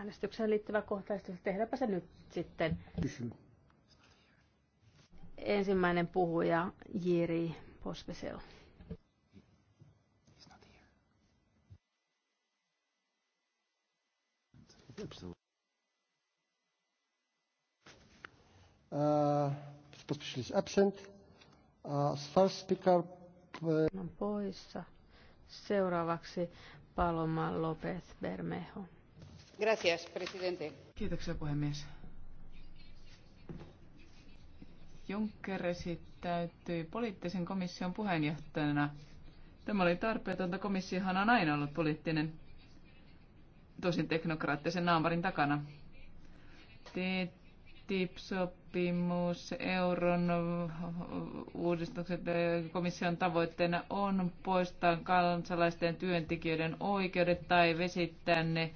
äänestykseen liittyvä kohtaistus. Tehdäänpä se nyt sitten. Kysyn. Ensimmäinen puhuja Jiri Pospesel. Uh, is absent. Uh, first speaker... Uh, On poissa. Seuraavaksi Paloma Lopez Bermejo. Kiitoksia puhemies. Juncker esittäytyi poliittisen komission puheenjohtajana. Tämä oli tarpeetonta. Komissiohan on aina ollut poliittinen, tosin teknokraattisen naamarin takana. TTIP-sopimus, euron uudistukset komission tavoitteena on poistaa kansalaisten työntekijöiden oikeudet tai vesittää ne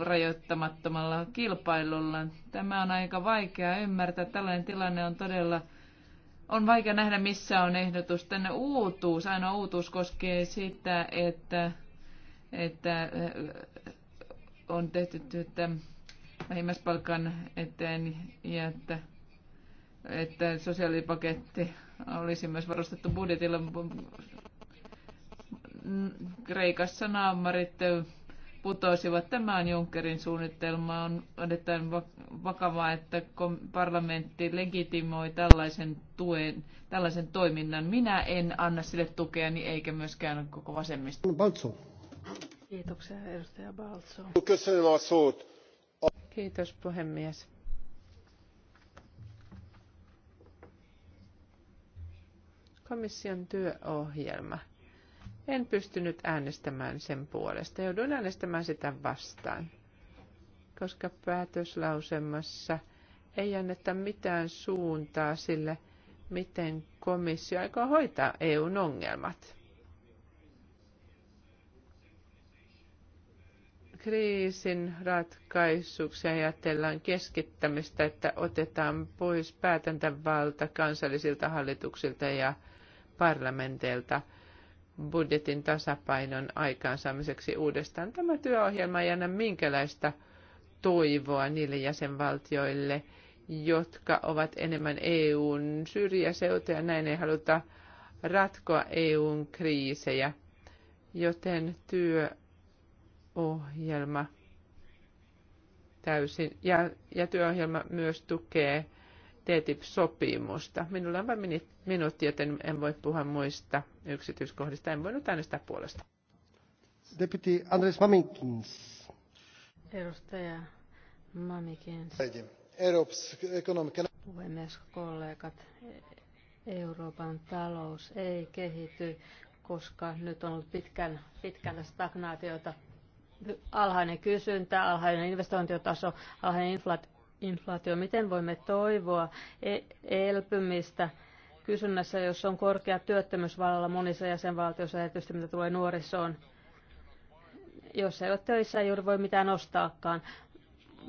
rajoittamattomalla kilpailulla. Tämä on aika vaikea ymmärtää. Tällainen tilanne on todella on vaikea nähdä, missä on ehdotus tänne uutuus. Ainoa uutuus koskee sitä, että, että äh, on tehty työtä vähimmäispalkan eteen ja että, että sosiaalipaketti olisi myös varustettu budjetilla. Kreikassa naamarit putoisivat Tämä on Junckerin suunnitelma. On erittäin vakavaa, että parlamentti legitimoi tällaisen, tuen, tällaisen toiminnan. Minä en anna sille tukea, niin eikä myöskään koko vasemmista. Balzo. Kiitoksia, edustaja Balzo. Kiitos, puhemies. Komission työohjelma – en pystynyt äänestämään sen puolesta. Jouduin äänestämään sitä vastaan, koska päätöslausemassa ei anneta mitään suuntaa sille, miten komissio aikoo hoitaa EUn ongelmat. kriisin ratkaisuksi ajatellaan keskittämistä, että otetaan pois päätäntävalta kansallisilta hallituksilta ja parlamenteilta budjetin tasapainon aikaansaamiseksi uudestaan. Tämä työohjelma ei anna minkälaista toivoa niille jäsenvaltioille, jotka ovat enemmän EUn syrjäseutuja. Näin ei haluta ratkoa EUn kriisejä, joten työohjelma täysin ja, ja työohjelma myös tukee TTIP-sopimusta. Minulla on vain minuutti, joten en voi puhua muista yksityiskohdista. En voinut äänestää puolesta. Deputy Andres Mamikins. Edustaja Mamikins. Puhemies, kollegat. Euroopan talous ei kehity, koska nyt on ollut pitkän, pitkän stagnaatiota. Alhainen kysyntä, alhainen investointiotaso, alhainen inflaatio. Miten voimme toivoa e- elpymistä? kysynnässä, jos on korkea työttömyys vallalla monissa jäsenvaltioissa, erityisesti mitä tulee nuorisoon. Jos ei ole töissä, ei juuri voi mitään ostaakaan.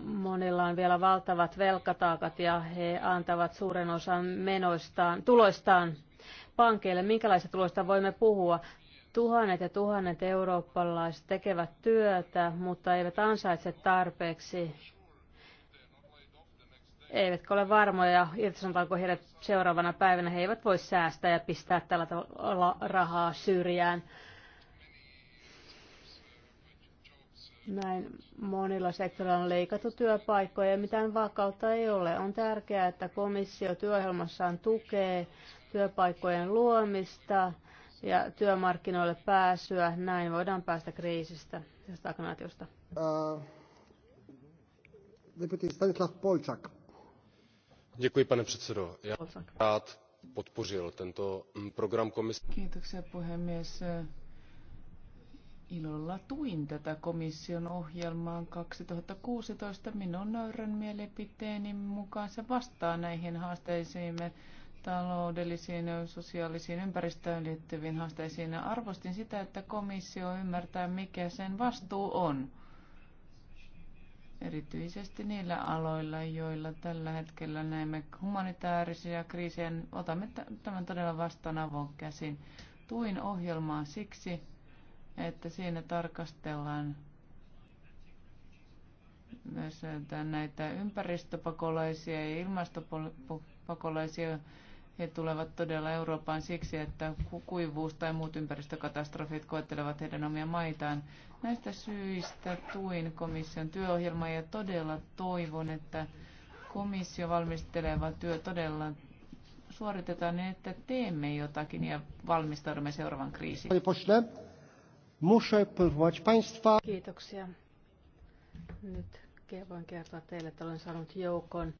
Monilla on vielä valtavat velkataakat ja he antavat suuren osan menoistaan, tuloistaan pankeille. Minkälaista tuloista voimme puhua? Tuhannet ja tuhannet eurooppalaiset tekevät työtä, mutta eivät ansaitse tarpeeksi eivätkä ole varmoja, irtisanotaanko heidät seuraavana päivänä. He eivät voi säästää ja pistää tällä tavalla rahaa syrjään. Näin monilla sektoreilla on leikattu työpaikkoja ja mitään vakautta ei ole. On tärkeää, että komissio työohjelmassaan tukee työpaikkojen luomista ja työmarkkinoille pääsyä. Näin voidaan päästä kriisistä ja stagnaatiosta. Uh, Stanislav Polchak pane předsedající já bych rád podpořil tento mm, program komise. Minun nöyrän mielipiteeni mukaan se vastaa näihin haasteisiimme taloudellisiin, sosiaalisiin, ympäristöön liittyviin haasteisiin. Arvostin sitä, että komissio ymmärtää, mikä sen vastuu on erityisesti niillä aloilla, joilla tällä hetkellä näemme humanitaarisia kriisejä, otamme tämän todella vastaan avon käsin. Tuin ohjelmaa siksi, että siinä tarkastellaan myös näitä ympäristöpakolaisia ja ilmastopakolaisia he tulevat todella Eurooppaan siksi, että kuivuus tai muut ympäristökatastrofit koettelevat heidän omia maitaan. Näistä syistä tuin komission työohjelmaa ja todella toivon, että komissio valmisteleva työ todella suoritetaan niin, että teemme jotakin ja valmistaudumme seuraavan kriisiin. Kiitoksia. Nyt voin kertoa teille, että olen saanut joukon